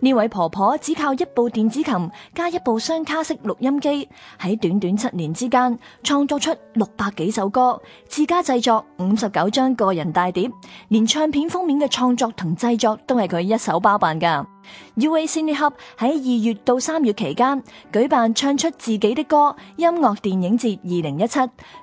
呢位婆婆只靠一部電子琴加一部雙卡式錄音機，喺短短七年之間，創作出六百幾首歌，自家製作五十九張個人大碟，連唱片封面嘅創作同製作都係佢一手包辦噶。UA Cine Hub 喺二月到三月期間舉辦唱出自己的歌音樂電影節二零一七，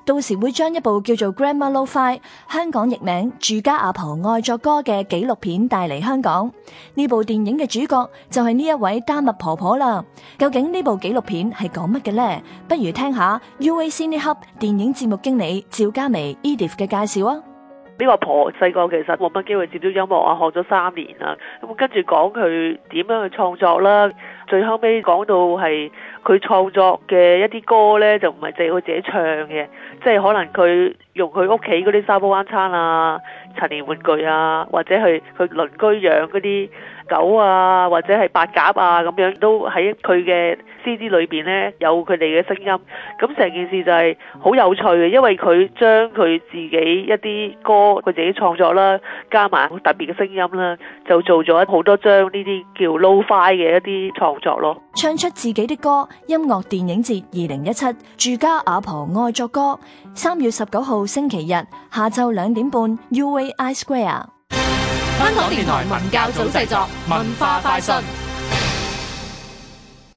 到時會將一部叫做 Grandma Lo-Fi，w e 香港譯名住家阿婆愛作歌嘅紀錄片帶嚟香港。呢部電影嘅主角就係呢一位丹麥婆婆啦。究竟呢部紀錄片係講乜嘅呢？不如聽下 UA Cine Hub 電影節目經理趙嘉薇 Edith 嘅介紹啊！呢個婆細個其實冇乜機會接觸音樂啊，學咗三年啦，咁跟住講佢點樣去創作啦。最後尾講到係佢創作嘅一啲歌咧，就唔係淨係佢自己唱嘅，即係可能佢用佢屋企啲沙煲罌罉啊、陳年玩具啊，或者係佢鄰居養啲狗啊，或者係白鴿啊咁樣，都喺佢嘅 cd 裏邊咧有佢哋嘅聲音。咁成件事就係好有趣嘅，因為佢將佢自己一啲歌佢自己創作啦，加埋好特別嘅聲音啦，就做咗好多張呢啲叫 low fi 嘅一啲創。唱出自己的歌。音樂電影節二零一七，住家阿婆愛作歌。三月十九號星期日下晝兩點半，U A I Square。香港電台文教組製作，文化快訊。